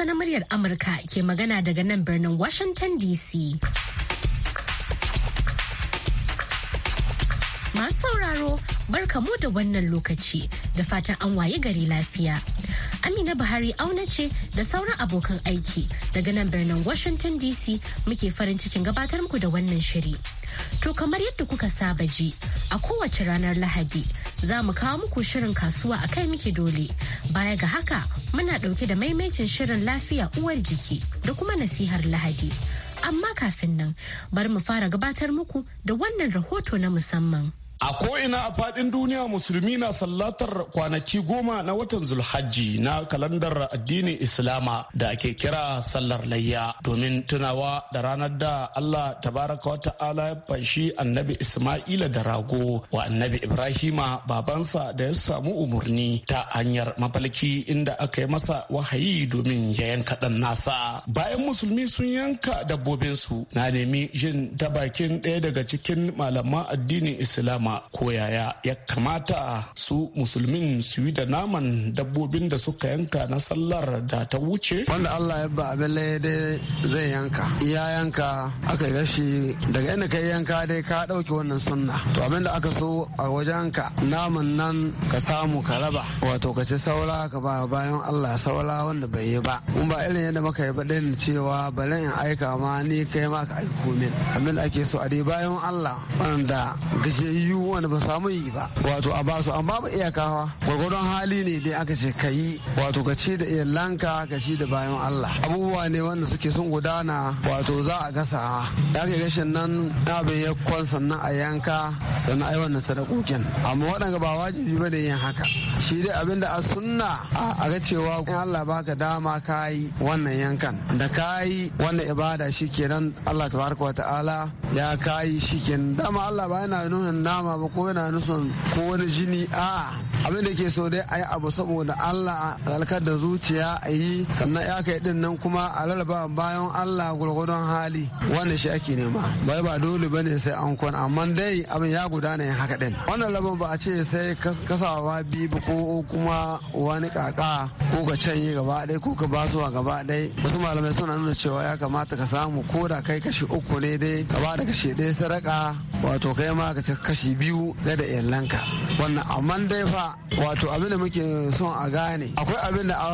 Hausa na muryar Amurka ke magana daga nan birnin Washington DC. Masu sauraro barka mu da wannan lokaci da fatan an waye gari lafiya. Amina Buhari auna ce da sauran abokan aiki daga nan birnin Washington DC muke farin cikin gabatar muku da wannan shiri. To kamar yadda kuka saba ji a kowace ranar Lahadi za mu kawo muku shirin kasuwa a kai muke dole. Baya ga haka muna ɗauke da maimacin shirin lafiya uwar jiki da kuma nasihar lahadi. Amma kafin nan bari mu fara gabatar muku da wannan rahoto na musamman. A ko'ina a faɗin duniya musulmi na sallatar kwanaki goma na watan Zulhajji na kalandar addinin Islama da ake kira sallar layya domin tunawa da ranar da Allah tabaraka wa ta'ala ya fanshi annabi Ismaila da rago wa annabi Ibrahima babansa da ya samu umarni ta hanyar mafalki inda aka yi masa wahayi domin ya yanka ɗan nasa. Bayan musulmi sun yanka dabbobinsu na nemi jin ta bakin ɗaya daga cikin malaman addinin Islama kuma koyaya ya kamata su musulmin su yi da naman dabbobin da suka yanka na sallar da ta wuce wanda allah ya ba abin dai zai yanka ya yanka aka gashi daga inda kai yanka dai ka ɗauki wannan sunna to abin da aka so a wajen ka naman nan ka samu ka raba wato ka ci saura ka ba bayan allah saura wanda bai yi ba kun ba irin yadda maka yi baɗin cewa bari in aika ma ni kai ma ka aiko min abin da ake so a dai bayan allah wanda gajiyayyu biyu wanda ba samu yi ba wato a basu amma ba kawa. gwargwadon hali ne dai aka ce ka yi wato ka ce da iyalanka ka ci da bayan Allah abubuwa ne wanda suke sun gudana wato za a gasa ya ke gashin nan na ya kwan sannan a yanka sannan ai wannan sadakokin amma waɗanda ba wajibi ba ne yin haka shi dai abin da a sunna a ga cewa in Allah baka dama ka yi wannan yankan da ka yi wannan ibada kenan Allah tabaraka wa ta'ala ya ka yi kenan dama Allah ba yana nuhin nama nama ba ko yana nufin ko wani jini a abin da ke so dai a yi abu saboda Allah a alkar da zuciya a yi sannan ya kai din nan kuma a lalaba bayan Allah gwargwadon hali wannan shi ake nema bai ba dole ba ne sai an kwan amma dai abin ya gudana yin haka din wannan laban ba a ce sai kasawa biyu ko kuma wani kaka ko ka canye gaba ɗaya ko ka basuwa gaba ɗaya wasu malamai suna nuna cewa ya kamata ka samu ko da kai kashi uku ne dai ka ba da kashi ɗaya sadaka wato kai ma ka kashi biyu ga da lanka wannan amma dai fa wato abin da muke son a gane akwai abin da a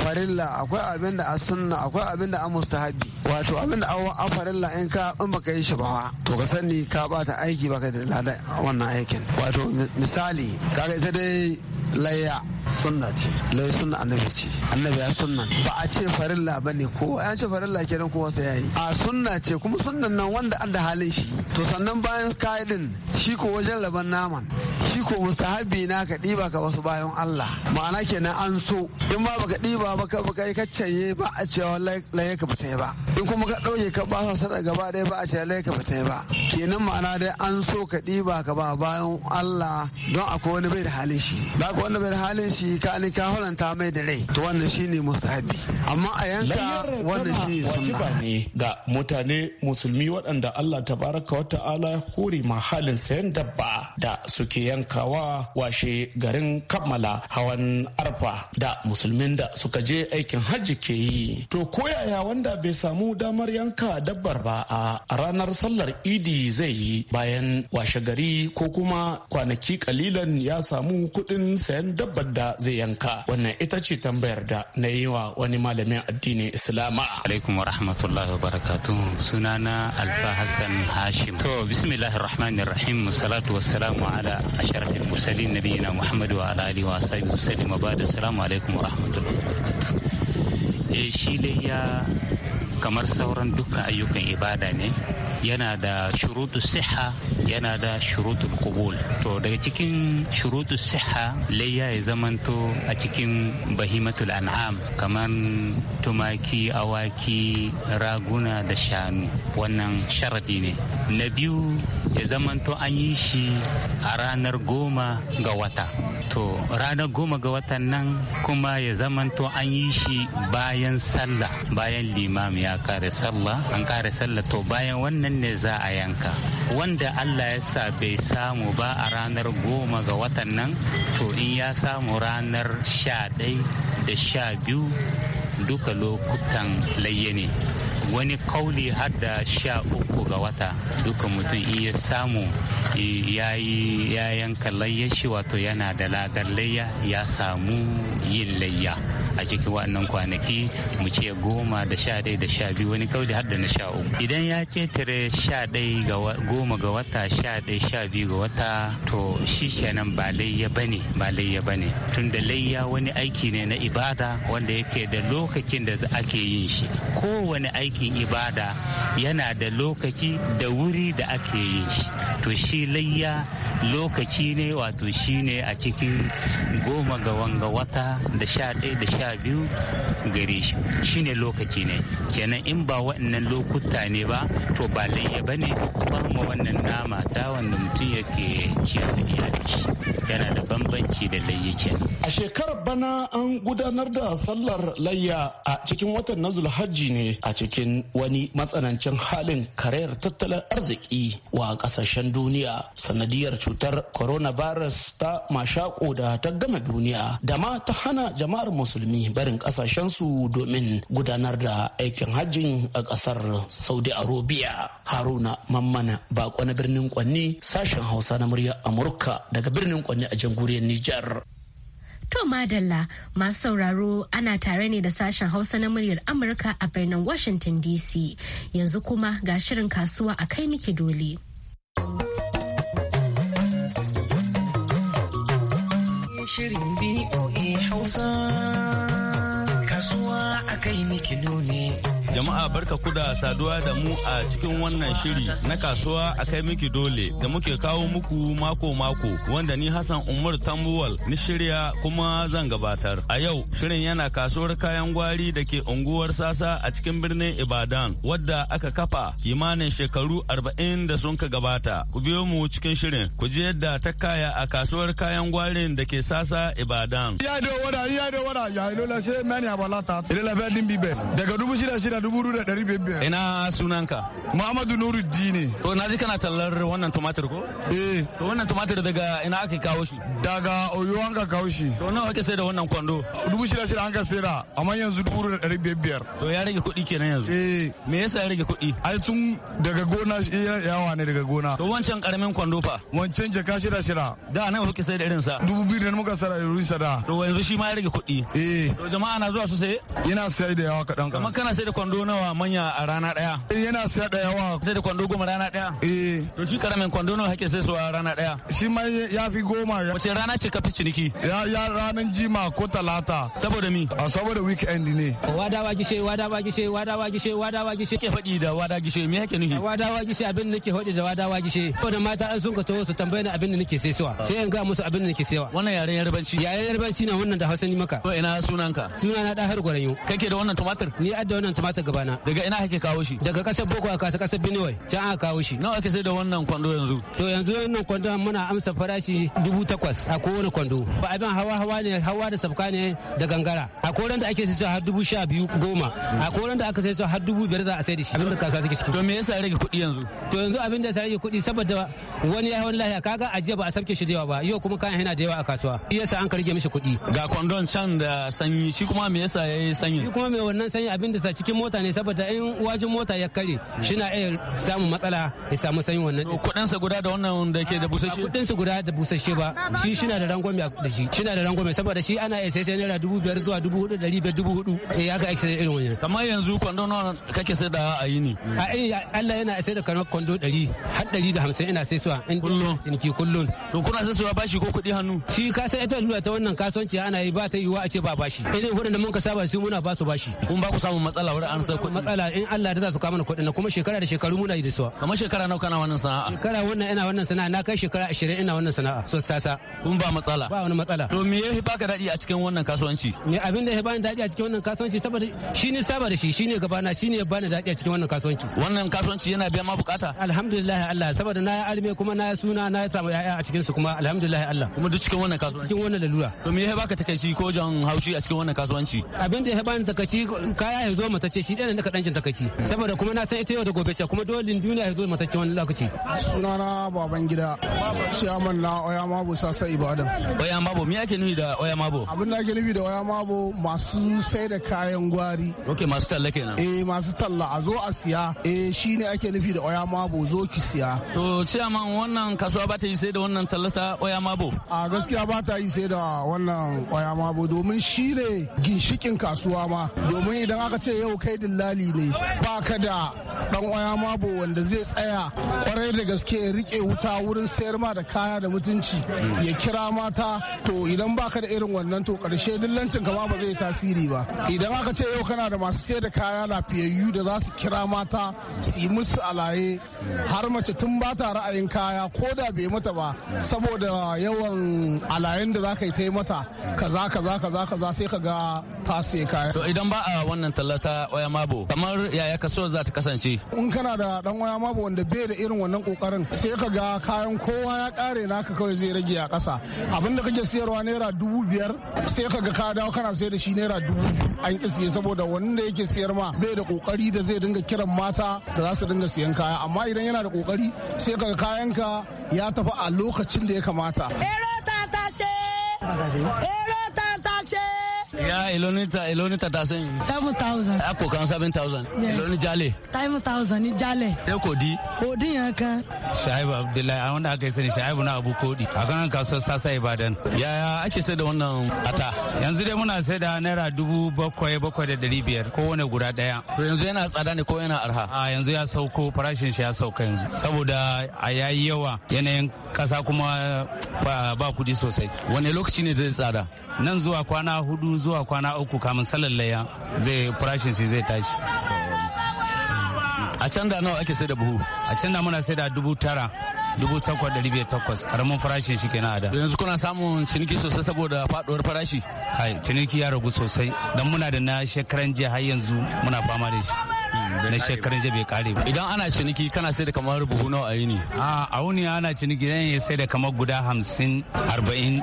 farilla akwai abin da a sunna akwai abin da a mustahabi wato abin da a farilla in ka in baka yi shi ba to ka sani ka bata aiki baka da ladan wannan aikin wato misali kaga ita dai Laya sunna ce laya sunna annabi ce annabi ya sunna ba a ce farilla ba ne ko an ce farilla kenan ko wasa yayi a sunna ce kuma sunnan nan wanda an da halin shi to sannan bayan ka'idin shi ko wajen laban naman shi ko mustahabi na ka diba ka wasu bayan Allah ma'ana kenan an so in ba baka diba ba ka baka yi kaccaye ba a wallahi laya ka bata ba in kuma ka ɗauke ka ba sa sada gaba dai ba a ce laya ka bata ba kenan ma'ana dai an so ka diba ka ba bayan Allah don akwai wani bai da halin shi ba wanda bai da halin shi ka ni ka holanta mai da rai to wannan shine mustahabi amma a yanka wannan shine sunna ne ga mutane musulmi waɗanda Allah tabaraka wa ta'ala ya hore ma halin sayan dabba da suke yankawa washe garin kammala hawan arfa da musulmin da suka je aikin hajji ke yi to koyaya wanda bai samu damar yanka dabbar ba a ranar sallar idi zai yi bayan washe gari ko kuma kwanaki kalilan ya samu kuɗin sayan dabbar da zai yanka wannan ita ce tambayar da na yi wa wani malamin addini islama alaikum wa rahmatullahi wa barakatuhu sunana alfa hassan hashim to bismillahir rahmanir rahim salatu salamu ala asharafil mursalin nabiyina muhammad wa ala alihi wa sahbihi wa sallam wa ba'da assalamu alaikum wa rahmatullahi wa barakatuh eh shi ya kamar sauran dukkan ayyukan ibada ne yana da shurutu siha yana da shurutu kubul to daga cikin shurutu siha layya ya zamanto a cikin bahimatul an'am kamar tumaki awaki raguna da shanu wannan sharadi ne na biyu ya zamanto an yi shi a ranar goma ga wata to ranar goma ga watan nan kuma ya zamanto an yi shi bayan sallah bayan limam ya kare sallah an kare sallah to bayan wannan ne za a yanka wanda allah ya sa bai samu ba a ranar goma ga watan nan to in ya samu ranar sha ɗai da sha biyu duka lokutan layyane wani kauli har da sha uku ga wata dukkan mutum iya samu ya yanka layyashi wato yana da ladar layya ya samu yin layya a cikin wannan kwanaki mu ce goma da sha ɗaya da sha biyu wani kauli har da na sha uku idan ya ketare sha ɗaya ga goma ga wata sha ɗaya sha biyu ga wata to shi kenan ba layya ne ba layya ne tun da layya wani aiki ne na ibada wanda yake da lokacin da ake yin shi kowane aikin ibada yana da lokaci da wuri da ake yin shi to shi layya lokaci ne wato shi ne a cikin goma ga wanga wata da sha ɗaya da sha biyu gare shi shine lokaci ne kenan in ba waɗannan lokuta ne ba to ba layya ba ne ba ma wannan nama ta wanda mutum yake ciyar da iyalin shi yana da bambanci da layya ke a shekarar bana an gudanar da sallar layya a cikin watan na hajji ne a cikin wani matsanancin halin karayar tattalin arziki wa kasashen duniya sanadiyar cutar coronavirus ta mashako da ta gama duniya da ma ta hana jama'ar musulmi musulmi barin kasashensu domin gudanar da aikin hajji a kasar saudi arabia haruna mammana bako na birnin kwanni sashen hausa na murya amurka daga birnin kwanni a jamhuriyar Niger. To Madalla masu sauraro ana tare ne da sashen Hausa na muryar Amurka a birnin Washington DC. Yanzu kuma ga shirin kasuwa a kai miki dole. Shirin BOA Hausa. kasuwa yi miki nuni Jama'a barka kuda saduwa da mu a cikin wannan shiri na kasuwa a kai miki dole da muke kawo muku mako-mako wanda ni Hassan Umar Tambuwal ni shirya kuma zan gabatar. A yau shirin yana kasuwar kayan gwari da ke unguwar Sasa a cikin birnin Ibadan wadda aka kafa kimanin shekaru arba'in da sun ka gabata. Ku biyo mu cikin shirin ku je yadda ta kaya a kasuwar kayan gwarin da ke Sasa Ibadan. Ya da wada ya da wada ya ilo la se mani abalata ilo la verdin bibe daga dubu shida shida dubu da ɗari biyar. Ina sunanka? Muhammadu nuru Dini. To na ji kana tallar wannan tumatir ko? Eh. To wannan tumatir daga ina aka kawo shi? Daga Oyo an ka kawo shi. To nawa kake sai da wannan kwando? Dubu shida shida an ka sai da amma yanzu dubu da ɗari biyar biyar. To ya rage kuɗi kenan yanzu? Eh. Me yasa ya rage kuɗi? Ai tun daga gona shi yawa ne daga gona. To wancan karamin kwando fa? Wancan jaka shida shida. Da nawa kake sai da irin sa? Dubu biyu da muka sara irin sa da. To yanzu shi ma ya rage kuɗi. Eh. To jama'a na zuwa su saye? Ina sai da yawa kaɗan kaɗan. Amma kana sai da kwando kwando nawa manya a rana daya yana sai da yawa sai da kwando goma rana daya eh to shi karamin kwando nawa kake sai su a rana daya shi ma ya fi goma wace rana ce ka fi ciniki ya ya ranan jima ko talata saboda mi a saboda weekend ne wada wa gishe wada wa gishe wada wa gishe wada wa gishe ke faɗi da wada gishe me yake nufi wada wa gishe abin da nake faɗi da wada wa gishe ko da mata an sun ka taho su tambaye ni abin da nake sai suwa sai in ga musu abin da nake saiwa wannan yaren yarbanci yaren yarbanci ne wannan da hausa ni maka to ina sunanka sunana da har gwarayo kake da wannan tumatir ni adda wannan tumatir ta gabana daga ina kake kawo shi daga kasar boko a kasar kasar benue can aka kawo shi nawa kake sai da wannan kwando yanzu to yanzu wannan kwando muna amsa farashi dubu takwas a kowane kwando ba abin hawa hawa ne hawa da sabka ne da gangara a koren da ake sai su har dubu sha biyu goma a koren da aka sai su har dubu biyar za a sai da shi abin da kasuwa take ciki to me yasa rage kuɗi yanzu to yanzu abin da ya rage kuɗi saboda wani ya hawan lahiya kaga ajiya ba a sabke shi da yawa ba yau kuma kayan yana da yawa a kasuwa yasa an karge mishi kuɗi ga kwandon can da sanyi shi kuma me yasa yayi sanyi shi kuma me wannan sanyi abin da ta cikin mota ne saboda in wajen mota ya kare shi na iya samun matsala ya samu sanyin wannan kudin sa guda da wannan da ke da busasshe kudin sa guda da busasshe ba shi shi na da rangwame da shi shi na da rangwame saboda shi ana iya sai naira dubu biyar zuwa dubu hudu dari biyar dubu hudu ya eh, ga ake irin wannan kamar yanzu kwando nawa kake sai da a yi ne a irin eh, Allah yana sai da kano kwando dari har dari da hamsin ina sai suwa in ki kullum to kuna sai suwa bashi ko kuɗi hannu shi ka sai ita lura ta wannan kasuwanci ana yi ba ta yiwa a ce ba bashi irin wurin da mun ka saba su muna ba su bashi kun ba ku samu matsala wurin amsa kuɗi matsala in Allah da za su kawo mana kuɗi na kuma shekara da shekaru muna yi da su kamar shekara nawa kana wannan sana'a shekara wannan ina wannan sana'a na kai shekara 20 ina wannan sana'a so sasa kun ba matsala ba wani matsala to me yafi baka dadi a cikin wannan kasuwanci me abin da ya bani dadi a cikin wannan kasuwanci saboda shi ne saba da shi shi ne gaba na shi ne ya bani dadi a cikin wannan kasuwanci wannan kasuwanci yana biya ma bukata alhamdulillah Allah saboda na alme kuma na suna na samu ya'ya a cikin su kuma alhamdulillah Allah kuma duk cikin wannan kasuwanci cikin wannan lalura to me ya baka takaici ko jan haushi a cikin wannan kasuwanci abin da ya bani takaici kaya ya zo mata ce shi ɗan da kaɗan jin takaici saboda kuma na san ita yau da gobe ce kuma dole duniya ya zo matacce wani lokaci. sunana baban gida ciyaman na oya mabo sasa ibadan. oya mabo me ake nufi da oya mabo. abin da ake nufi da oya mabo masu sai da kayan gwari. ok masu talla kenan. eh masu talla a zo a siya eh shine ake nufi da oya mabo zo ki siya. to ciyaman wannan kasuwa ba ta yi sai da wannan tallata oya mabo. a gaskiya ba ta yi sai da wannan oya mabo domin shine ginshikin kasuwa ma domin idan aka ce yau kai kai dillali ne ba ka da dan oya mabo wanda zai tsaya kwarai da gaske ya rike wuta wurin sayar ma da kaya da mutunci ya kira mata to idan baka da irin wannan to karshe dillancin kama ba zai tasiri ba idan aka ce yau kana da masu sayar da kaya lafiyayyu da za su kira mata su yi musu alaye har mace tun ba ta ra'ayin kaya ko da bai mata ba saboda yawan alayen da za ka yi ta mata kaza kaza kaza kaza sai ka ga ta sai kaya to idan ba a wannan tallata ƙwaya mabo kamar yaya so za ta kasance ce in kana da dan waya ma wanda bai da irin wannan kokarin sai ka ga kayan kowa ya kare naka kawai zai rage a kasa abin da kake sayarwa naira dubu biyar sai ka ga ka dawo kana sayar da shi naira dubu an ki siye saboda wanda yake siyar ma bai da kokari da zai dinga kiran mata da za su dinga siyan kaya amma idan yana da kokari sai ka ga kayanka ya tafi a lokacin da ya kamata. Ero ta tashe. Ya iloni ta iloni ta ta sen. Seven thousand. Ako kan seven thousand. Yes. Iloni jale. Seven thousand ni jale. Sai kodi. Kodi ya kan. Shaibu Abdullahi a wanda aka yi sani Shaibu na Abu Kodi. A kan kasuwar Sasa Ibadan. Yaya ake sai da wannan ata? yanzu dai muna sai da naira dubu bakwai bakwai da dari biyar kowane guda daya to yanzu yana tsada ne ko yana arha a yanzu ya sauko farashin shi ya sauka yanzu saboda a yayi yawa yanayin kasa kuma ba kudi sosai wane lokaci ne zai tsada nan zuwa kwana hudu zuwa kwana uku kamun sallar laya zai farashin shi zai tashi a can da nawa ake sai da buhu a can da muna sai da dubu tara takwas. karamin farashin shi kenan a da yanzu kuna samun ciniki sosai saboda faduwar farashi kai ciniki ya ragu sosai dan muna da na shekaran jiya har yanzu muna fama da shi hmm, na shekaran jiya bai kare ba idan ana ciniki kana sai da kamar buhu nawa a yini a a wuni ana ciniki zan sai da kamar guda hamsin arba'in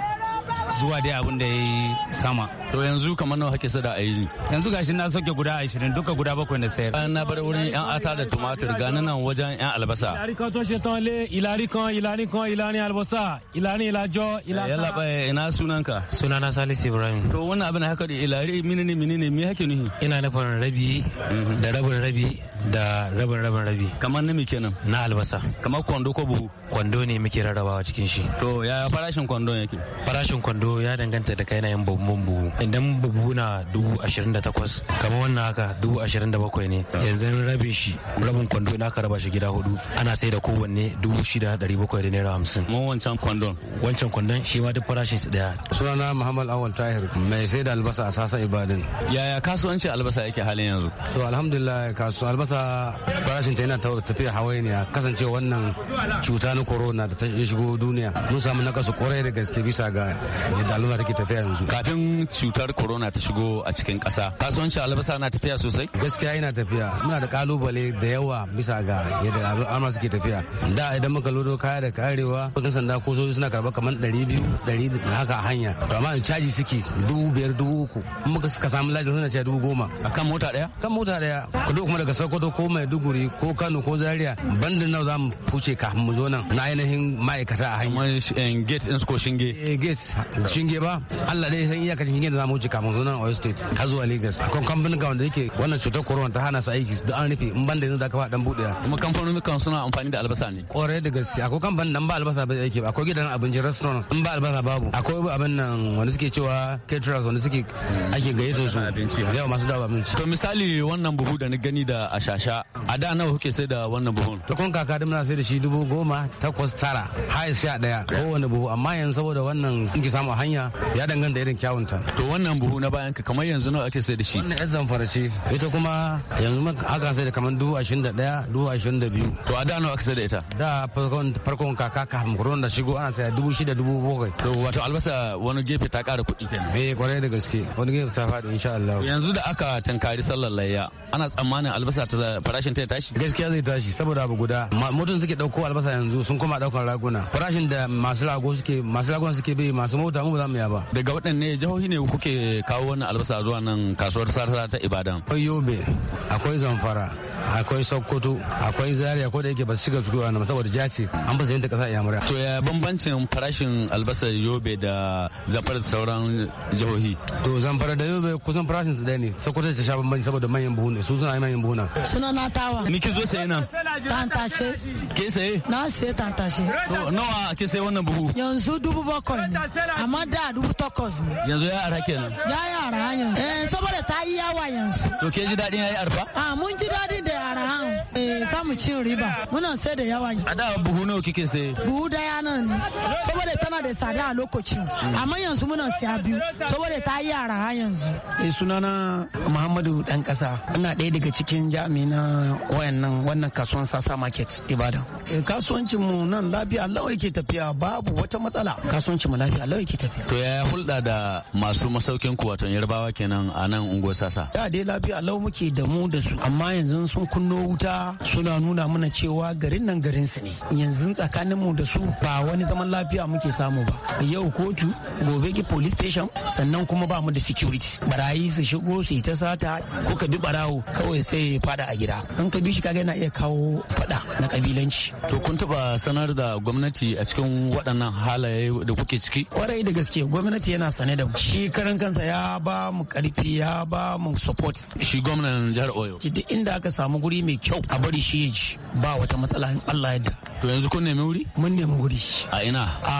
zuwa dai abin da ya yi sama to yanzu kamar nawa kake sada a yi yanzu gashi na soke guda 20 duka guda bakwai na sayar bayan na bar wurin yan ata da tumatur gani nan wajen yan albasa ilari kan to shetan le ilari kan ilani albasa ilani ilajo ilani eh, yalla bai ina sunanka sunana salisu ibrahim to wannan abin haka da ilari minini minini me hake nuhi ina nufin rabi mhm. da rabin rabi da rabin rabin rabi kamar na kenan na albasa kamar kwando ko buhu kwando ne muke rarrabawa cikin shi to ya farashin kwando yake farashin kwando ya danganta da kai na yin babban buhu idan buhuna dubu ashirin da takwas kamar wannan haka dubu ashirin da bakwai ne yanzu rabin shi rabin kwando na aka raba shi gida hudu ana sai da kowanne dubu shida dari bakwai da naira hamsin. Mun wancan kwandon. Wancan kwandon shi ma duk farashin su daya. Sunana Muhammad Awal Tahir mai sai da albasa a sasa Ibadan. Yaya kasuwanci albasa yake halin yanzu? To alhamdulillah kasu albasa farashin ta yana tafiya hawainiya kasancewa wannan cuta na corona da ta shigo duniya mun samu nakasu kwarai da gaske bisa ga yadda albasa take tafiya yanzu. Kafin cutar corona ta shigo a cikin ƙasa kasuwancin albasa na tafiya sosai gaskiya yana tafiya muna da kalubale da yawa bisa ga yadda al'amura suke tafiya da idan muka lodo kaya da karewa kudin sanda ko sojoji suna karɓar kamar ɗari biyu ɗari haka a hanya to amma in caji suke dubu biyar dubu uku in muka suka samu lajin suna cewa dubu goma a kan mota ɗaya kan mota ɗaya ku kuma daga sokoto ko maiduguri ko kano ko zaria bandin nawa za mu fuce kafin mu zo nan na ainihin ma'aikata a hanya eh, gate in ko shinge eh, gate shinge ba allah dai san iyakacin shinge za mu wuce kafin zonan oil State ta zuwa Lagos akwai kamfanin wanda yake wannan cutar corona ta hana su aiki duk an rufe in ban da yanzu da aka dan buɗe kuma kamfanonin kan suna amfani da albasa ne kore da gaske akwai kamfanin nan ba albasa ba yake ba akwai gidan abinci restaurant in ba albasa babu akwai abin nan wanda suke cewa caterers wanda suke ake gayyato su yau masu dawa abinci to misali wannan buhu da na gani da ashasha a da nawa kuke sai da wannan buhun to kun kaka da muna sai da shi dubu goma takwas tara har sha daya kowane buhu amma yanzu saboda wannan kin samu hanya ya danganta irin kyawunta to wannan buhu na bayan ka kamar yanzu nawa ake sai da shi wannan yan zamfara ita kuma yanzu aka sai da kamar dubu ashirin da ɗaya dubu ashirin da biyu to a da nawa aka sai da ita da farkon kaka ka kuron da shigo ana sai dubu shida dubu bakwai to wato albasa wani gefe ta ƙara kuɗi kenan eh kwarai da gaske wani gefe ta faɗi insha Allah yanzu da aka tankari sallar layya ana tsammanin albasa ta farashin ta tashi gaskiya zai tashi saboda abu guda mutum suke ɗauko albasa yanzu sun koma ɗaukar raguna farashin da masu rago suke masu raguna suke bai masu mota mu ba za mu ya ba daga waɗannan jihohi ne ko kuke kawo wannan albasa zuwa nan kasuwar sarsa ta Ibadan? Akwai Yobe, akwai Zamfara, akwai Sokoto, akwai Zaria ko da yake ba su shiga zuwa nan saboda jaci an ba su yanta kasa Yamura. To ya bambancin farashin albasa Yobe da Zamfara da sauran jihohi? To Zamfara da Yobe kusan farashin su ɗaya ne, Sokoto ta sha bambanci saboda manyan buhu ne, su suna yi manyan buhu na. Suna na tawa. Ni ki zo sai nan? Tantashe. Ke sai Na sai tantashe. To nawa ke sai wannan buhu? Yanzu dubu bakwai amma da dubu takwas ne. Yanzu ya araki kenan ya yi arahan yanzu eh. saboda ta yi yawa yanzu to ke ji daɗin ya yi arfa a ah, mun ji daɗin da arahan Eh, za mu ci riba muna sai da yawa a da buhu nawa kike sai buhu daya nan saboda tana da sada a lokacin amma yanzu muna siya biyu saboda ta yi yara yanzu eh sunana muhammadu dan kasa ina ɗaya daga cikin jami na wayannan wannan kasuwan sasa market ibadan eh, kasuwancin mu nan lafiya lawa yake tafiya babu wata matsala kasuwancin mu lafiya lawa yake tafiya to ya hulɗa da masu masaukin ku wato yarbawa kenan a nan unguwar sasa da dai lafiya lawa muke da mu da su amma yanzu sun kunno wuta suna nuna mana cewa garin nan garin su ne yanzu tsakanin mu da su ba wani zaman lafiya muke samu ba yau kotu gobe ki police station sannan kuma ba mu da security barayi su shigo su yi ta sata ko ka bi barawo kawai sai ya fada a gida in ka bi shi kaga yana iya kawo fada na kabilanci to kun taba sanar da gwamnati a cikin waɗannan halaye da kuke ciki kwarai da gaske gwamnati yana sane da mu shi karan kansa ya ba mu karfi ya ba mu support shi gwamnan jihar oyo duk inda aka samu guri mai kyau a bari shi ya ji ba wata matsala in Allah ya da. To yanzu kun nemi wuri? Mun nemi wuri. A ina? A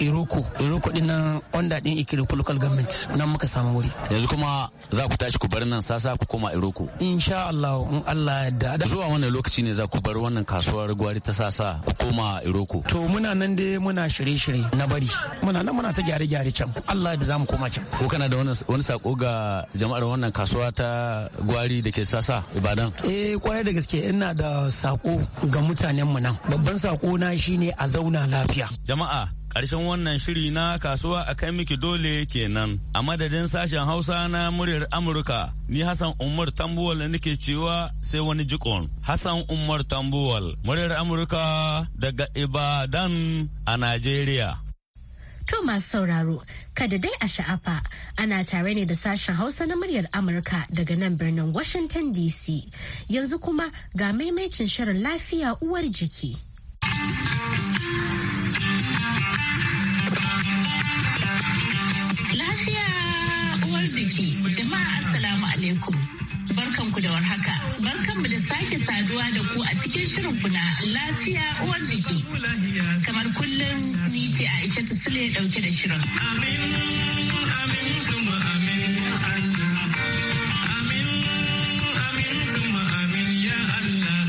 Iroko. Iroko din nan wanda din Ikiriko local government nan muka samu wuri. Yanzu kuma za ku tashi ku bar nan sasa ku koma Iroko. Insha Allah in Allah ya da. Zuwa wannan lokaci ne za ku bar wannan kasuwar gwari ta sasa ku koma Iroko. To muna nan dai muna shirye-shirye na bari. Muna nan muna ta gyare-gyare can. Allah da za mu koma can. Ko kana da wani sako ga jama'ar wannan kasuwa ta gwari da ke sasa Ibadan? Eh kwarai da gaske ke ina da sako ga mutanenmu nan babban sako na shine a zauna lafiya jama'a ƙarshen wannan shiri na kasuwa a kai miki dole kenan a madadin sashen hausa na muryar amurka ni hassan umar tambuwal nake cewa sai wani jikon hassan umar tambuwal muryar amurka daga ibadan a najeriya To masu sauraro, kada dai a sha'afa ana tare ne da sashen Hausa na muryar Amurka daga nan birnin Washington DC. Yanzu kuma ga maimacin shirin lafiya uwar jiki. Lafiya uwar jiki, jama'a Assalamu alaikum. barkanku da warhaka. Barkanmu da sake saduwa da ku a cikin shirin kuna lafiya uwar jiki. Kamar kullum ni ce Aisha Sule dauke da shirin. Amin, amin, amin. Amin, amin, amin, ya Allah.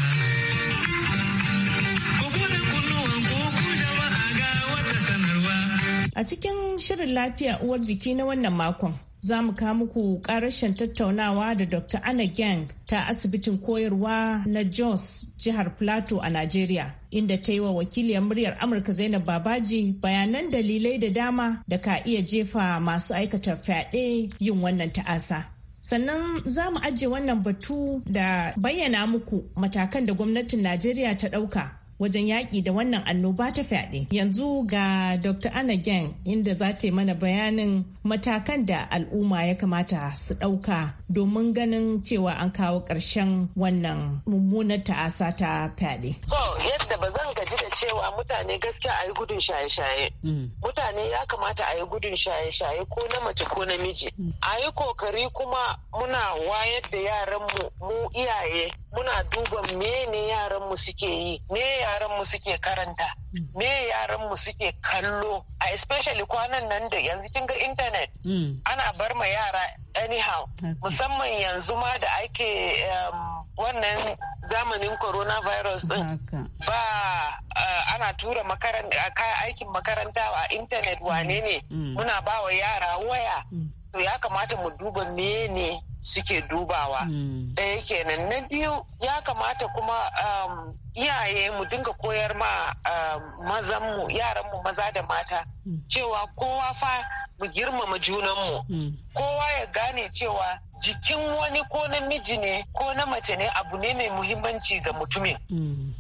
A cikin shirin lafiya uwar jiki na wannan makon, za mu muku karashin tattaunawa da Dr. Anna Gang ta asibitin koyarwa na Jos jihar Plateau a Najeriya. Inda ta yi wa wakiliyar muryar Amurka Zainab Babaji bayanan dalilai da dama da ka iya jefa masu aikata fyaɗe yin wannan ta'asa. sannan za mu ajiye wannan batu da bayyana muku matakan da gwamnatin najeriya ta ɗauka wajen yaƙi da wannan annoba ta fyaɗe. Yanzu ga Dr. Anna Geng inda za ta yi mana bayanin matakan da al'umma ya kamata su ɗauka domin ganin cewa an kawo ƙarshen wannan mummunar ta'asa ta fyaɗe. So yadda ba zan gaji da cewa mutane gaskiya a yi gudun shaye-shaye. Mm. Mutane ya kamata a yi gudun shaye-shaye ko na mace ko na miji. Mm. A yi kokari kuma muna wayar da yaranmu mu iyaye muna duba mene yaran mu suke yi me yaran mu suke karanta me yaran mu suke kallo a especially kwanan nan da yanzu kin ga internet hmm. ana bar ma yara anyhow musamman yanzu ma da ake um, wannan zamanin coronavirus din ba uh, ana tura kayan aikin makaranta a intanet wane ne hmm. Hmm. muna ba wa yara waya to ya kamata mu duba mene suke dubawa hmm. ɗaya kenan na biyu ya kamata kuma um, iyaye mu dinga koyar ma um, mazanmu yaranmu maza da mata hmm. cewa kowa fa mu girmama junanmu hmm. kowa ya gane cewa jikin wani ko namiji ne ko na mace ne abu ne mai muhimmanci ga mutumin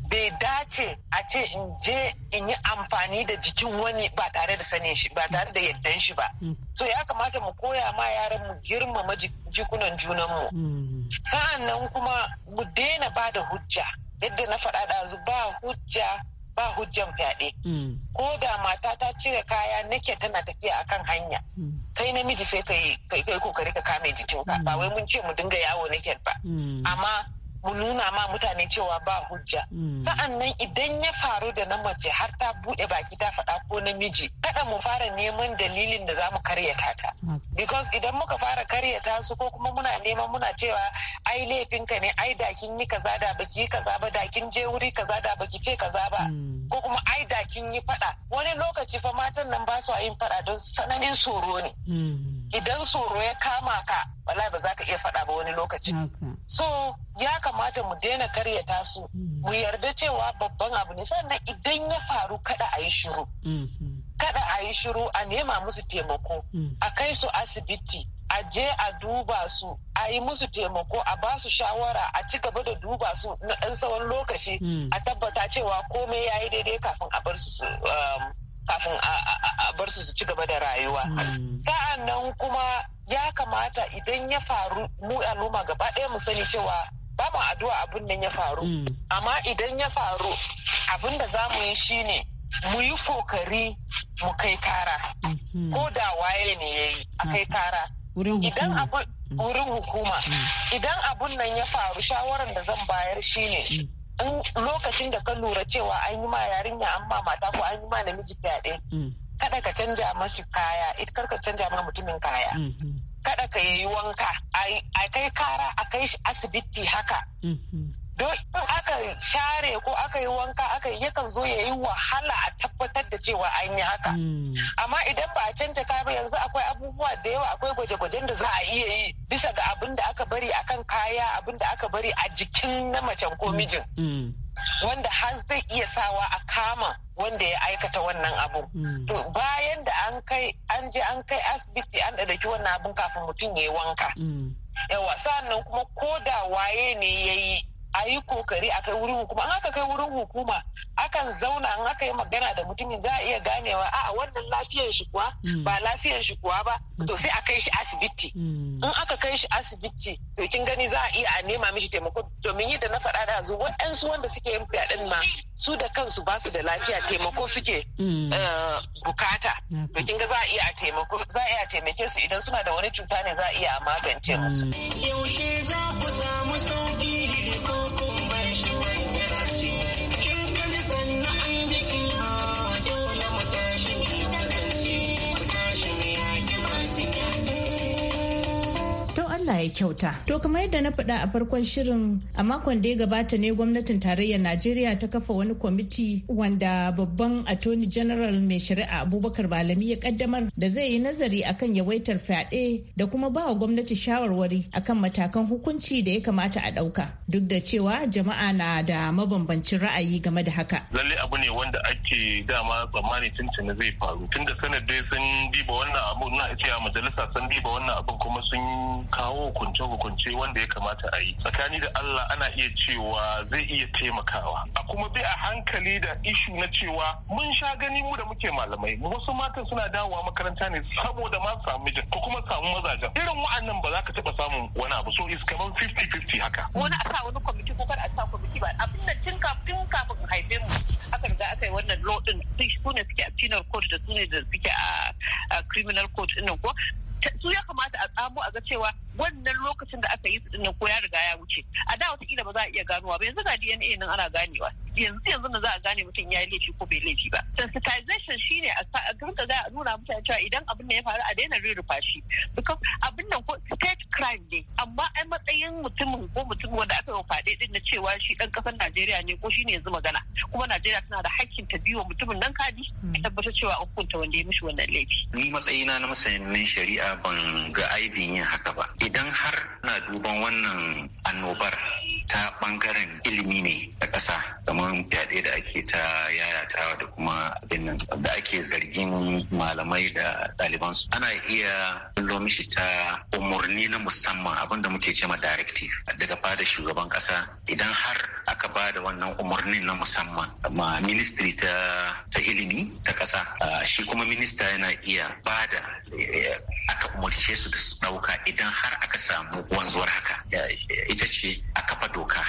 bai dace a ce in je in yi amfani da jikin wani ba tare da sanin shi ba tare da yardan shi ba so ya kamata mu koya ma yaran mu girmama jikin jikunan junanmu. Hmm. Sa'an nan kuma mu daina ba da hujja yadda na faɗa ɗazu ba hujja ba hujjan fyaɗe. Hmm. Ko da mata ta cire kaya nake tana tafiya akan hanya. Hmm. Kai namiji sai kai kai kokari ka kame jikinka ba wai mun ce mu dinga yawo nake ba. Amma mu nuna ma mutane cewa ba hujja hmm. sa'an nan idan ya faru da na mace har ta bude baki ta faɗa ko namiji kada mu fara neman dalilin da za mu karyata ta because idan muka fara karyata su ko kuma muna neman muna cewa ai laifin ka ne ai dakin yi kaza da baki kaza ba dakin je wuri kaza da baki ce kaza ba hmm. ko kuma ai dakin yi faɗa wani lokaci fa matan nan ba su yin faɗa don sananin tsoro ne hmm. idan tsoro ya kama ka wala ba za ka iya faɗa ba wani lokaci so ya kamata mu daina karyata su mu mm. yarda cewa babban abu ne sannan idan ya faru kada a yi shiru mm-hmm. kada a yi shiru a nema musu taimako mm. a kai su asibiti a je a duba su a yi musu taimako a ba su shawara a ci gaba da duba su na ɗan tsawon lokaci mm. a tabbata cewa komai ya yi daidai kafin a bar su um, kafin a bar su su ci gaba da rayuwa hmm. sa'an nan kuma ya kamata idan ya faru mu al'umma gaba ɗaya mu sani cewa ba mu addu'a abin nan ya faru hmm. amma idan ya faru abin da za mu yi shi ne mu yi kokari mu kai kara hmm. ko da waye ne ya yi a kai kara idan wurin hukuma idan abun nan ya faru shawaran da zan bayar shi ne. lokacin da ka lura cewa an yi ma yarinya an ba mata ko an yi ma namiji fyaɗe mm. kada ka canja masu kaya it kar ka canja ma mutumin kaya mm, mm. kada ka yi wanka a kai kara a kai shi asibiti haka don aka share ko aka yi wanka aka yi yakan zo ya yi wahala a tabbatar da cewa an yi haka hmm. amma idan ba a canja kaya ba yanzu akwai abubuwa da yawa akwai gwaje-gwajen da za a iya yi bisa ga abin da aka bari akan kaya abin da aka bari a jikin na macen ko hmm. mijin hmm. wanda har zai iya sawa a kama wanda ya aikata wannan abu. To bayan da an kai an je an kai asibiti an ɗauki wannan abun kafin mutum ya yi wanka. Yawa sa'annan kuma ko da waye ne ya yi a yi kokari a kai wurin hukuma an aka kai wurin hukuma akan zauna an aka yi magana da mutumin za a iya ganewa a wannan lafiyar shi kuwa mm. ba lafiyar shi kuwa ba mm. to sai a kai shi asibiti mm. in aka kai shi asibiti to kin gani za a iya a nema mishi taimako domin yadda na faɗa da zuwa waɗansu wanda suke yin fyaɗen ma su da kansu ba su da lafiya taimako suke eh, bukata to kin ga za a iya a taimako za a iya taimake su idan suna da wani cuta ne za a iya a magance musu Allah ya kyauta. To kamar yadda na faɗa a farkon shirin a makon da ya gabata ne gwamnatin tarayyar Najeriya ta kafa wani kwamiti wanda babban attorney general mai shari'a Abubakar Malami ya kaddamar da zai yi nazari akan yawaitar fyaɗe da kuma ba wa gwamnati shawarwari akan matakan hukunci da ya kamata a ɗauka. Duk da cewa jama'a na da mabambancin ra'ayi game da haka. Lalle abu ne wanda ake dama tsammani tuntun zai faru. Tunda sanadai sun diba wannan abu na cewa majalisa sun diba wannan abin kuma sun kawo kawo hukunce-hukunce wanda ya kamata a yi tsakani da Allah ana iya cewa zai iya taimakawa a kuma bi a hankali da ishu na cewa mun sha gani mu da muke malamai wasu matan suna dawowa makaranta ne saboda ma samu mijin ko kuma samu mazajen irin wa'annan ba za ka taba samun wani abu so is kamar 50-50 haka wani a sa wani kwamiti ko kar a sa kwamiti ba abin da tun kafin kafin haife mu aka riga aka yi wannan law din su ne suke a penal code da su ne da suke a criminal code din ko su ya kamata a tsamo a ga cewa wannan lokacin da aka yi su dinnan ko ya riga ya wuce a da wata kila ba za a iya ganowa ba yanzu ga DNA nan ana ganewa yanzu yanzu na za a gane mutum ya yi laifi ko bai laifi ba sensitization shine a ga za a nuna mutane cewa idan abin da ya faru a daina rurrufa shi because abin nan ko state crime ne amma ai matsayin mutumin ko mutum wanda aka yi faɗe din na cewa shi dan kasar Najeriya ne ko shine yanzu magana kuma Najeriya tana da hakkin ta biyo mutumin nan kadi a hmm. tabbatar cewa an hukunta wanda ya mishi wannan laifi ni matsayina na masanin shari'a ban ga aibin yin haka ba idan har na duban wannan annobar ta bangaren ilimi ne ta kasa kamar fyaɗe da ake ta yayatawa da kuma abin nan da ake zargin malamai da su ana iya kallo mishi ta umarni na musamman abin da muke cema directive daga fada shugaban ƙasa idan har aka ba da wannan umarnin na musamman ma ministry ta ta ilimi ta kasa. shi kuma minista yana iya ba da aka umarce su da su ɗauka idan har aka samu wanzuwar haka ita ce a kafa doka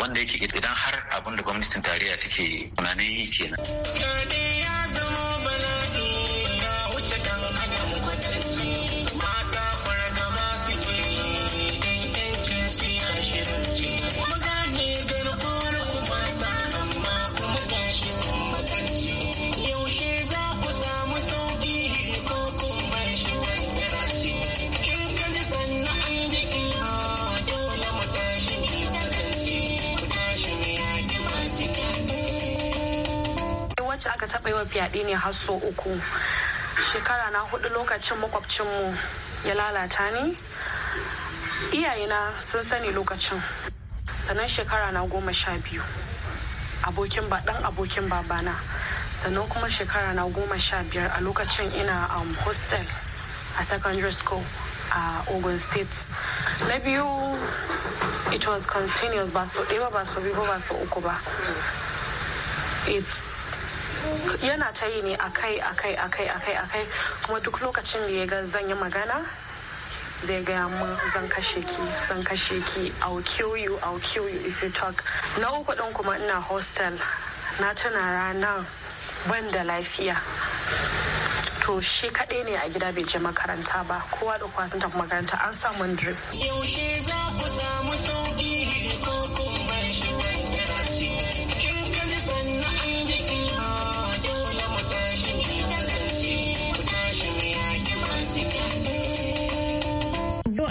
wanda yake idan har abinda da gwamnatin tarayya take tunanin yi kenan. min fyaɗe ne har so uku shekara na hudu lokacin makwabcinmu ya lalata ni iyayena sun sani lokacin sannan shekara na goma sha biyu abokin ba dan abokin babana sannan kuma shekara na goma sha biyar a lokacin ina um, hostel a secondary school a uh, ogun state na biyu it was continuous ba so ɗaya ba so biyu ba so uku ba it's yana ta yi ne akai akai akai akai akai kuma duk lokacin da ya ga zan yi magana zai gaya min zan kashe ki zan kashe ki i'll kill you i'll kill you if you talk na uku din kuma ina hostel na tana ranar ban da lafiya to shi kaɗai ne a gida bai je makaranta ba kowa da kowa tafi makaranta an samun drip yaushe za ku samu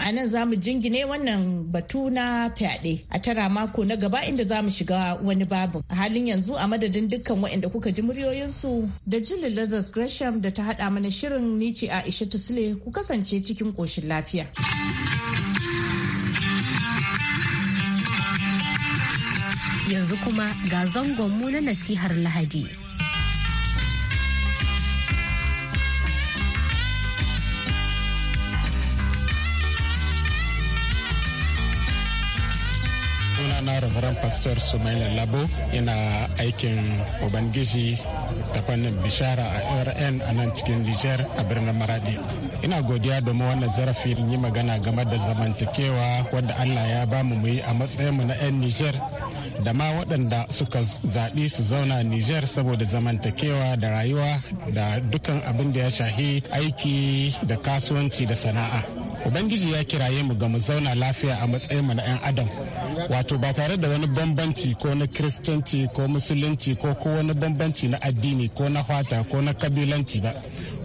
anan nan za mu jingine wannan batu na fyaɗe a tara mako na gaba inda za mu shiga wani babin a halin yanzu a madadin dukkan waɗanda kuka ji muryoyinsu da julie leathers gresham da ta haɗa mana shirin nice a isha sule ku kasance cikin ƙoshin lafiya. Yanzu kuma ga zangonmu na nasihar Lahadi. suna na Reverend Pastor Sumaila Labo ina aikin Ubangiji ta fannin bishara a RN a nan cikin niger a birnin Maradi. Ina godiya domin wannan zarafi yi magana game da zamantakewa wadda Allah ya bamu mu yi a matsayinmu na 'yan Nijar da ma waɗanda suka zaɓi su zauna niger saboda zamantakewa da rayuwa da dukan abin da ya shahi aiki da kasuwanci da sana'a. ubangiji ya kiraye mu ga mu zauna lafiya a matsayin mu na 'yan adam wato ba tare da wani bambanci ko na kiristanci ko musulunci ko ko wani bambanci na addini ko na fata ko na kabilanci ba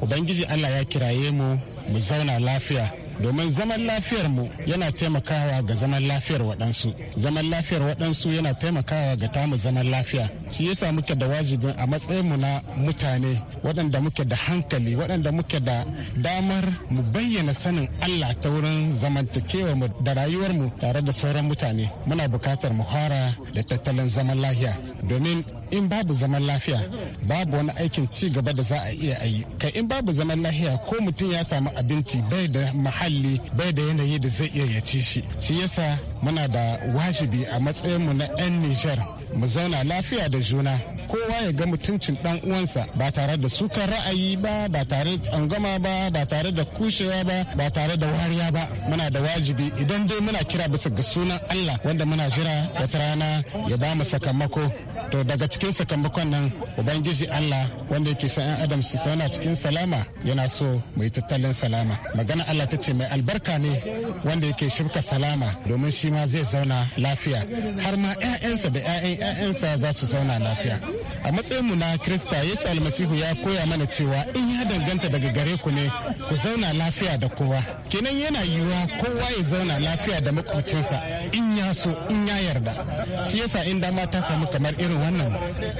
ubangiji allah ya kiraye mu mu zauna lafiya domin zaman lafiyar mu yana taimakawa ga zaman lafiyar waɗansu zaman lafiyar waɗansu yana taimakawa ga tamu zaman lafiya shi yasa muke da wajibin a matsayin mu na mutane waɗanda muke da hankali waɗanda muke da damar mu bayyana sanin Allah ta wurin zamantakewar mu da rayuwar mu tare da sauran mutane muna bukatar mu fara da tattalin zaman lafiya domin in babu zaman lafiya babu wani aikin ci gaba da za a iya yi kai in babu zaman lafiya ko mutum ya samu abinci bai da muhalli bai da yanayi da zai iya ya ci shi shi yasa muna da wajibi a matsayinmu na 'yan nijar mu zauna lafiya da juna kowa ya ga mutuncin dan uwansa ba tare da sukan ra'ayi ba ba tare da tsangama ba ba tare da kushewa ba ba tare da wariya ba muna da wajibi idan dai muna kira bisa ga sunan Allah wanda muna jira wata rana ya ba mu sakamako to daga cikin sakamakon nan ubangiji allah wanda yake sa yan adam su zauna cikin salama yana so mai tattalin salama magana allah ta ce mai albarka ne wanda yake shibka salama domin shi ma zai zauna lafiya har ma 'ya'yansa da 'ya'yan 'ya'yansa za su zauna lafiya a matsayin mu na krista yesu almasihu ya koya mana cewa in ya danganta daga gare ku ne ku zauna lafiya da kowa kenan yana yiwuwa kowa ya zauna lafiya da makwabcinsa in ya so in ya yarda shi yasa in dama ta samu kamar irin irin wannan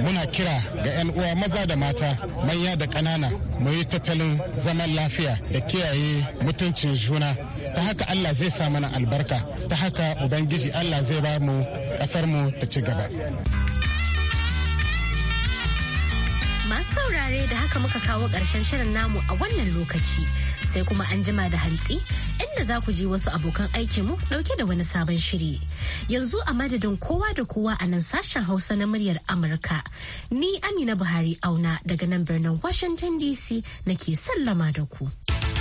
muna kira ga 'yan uwa maza da mata manya da ƙanana mu yi tattalin zaman lafiya da kiyaye mutuncin juna ta haka Allah zai sa mana albarka ta haka ubangiji Allah zai ba mu ƙasar mu ta ci gaba. Masu saurare da haka muka kawo ƙarshen shirin namu a wannan lokaci. sai kuma an jima da hantsi inda za ku ji wasu abokan aikinmu dauke da wani sabon shiri. Yanzu a madadin kowa da kowa a nan sashen Hausa na muryar Amurka. Ni Amina Buhari auna daga nan birnin Washington DC nake sallama da ku.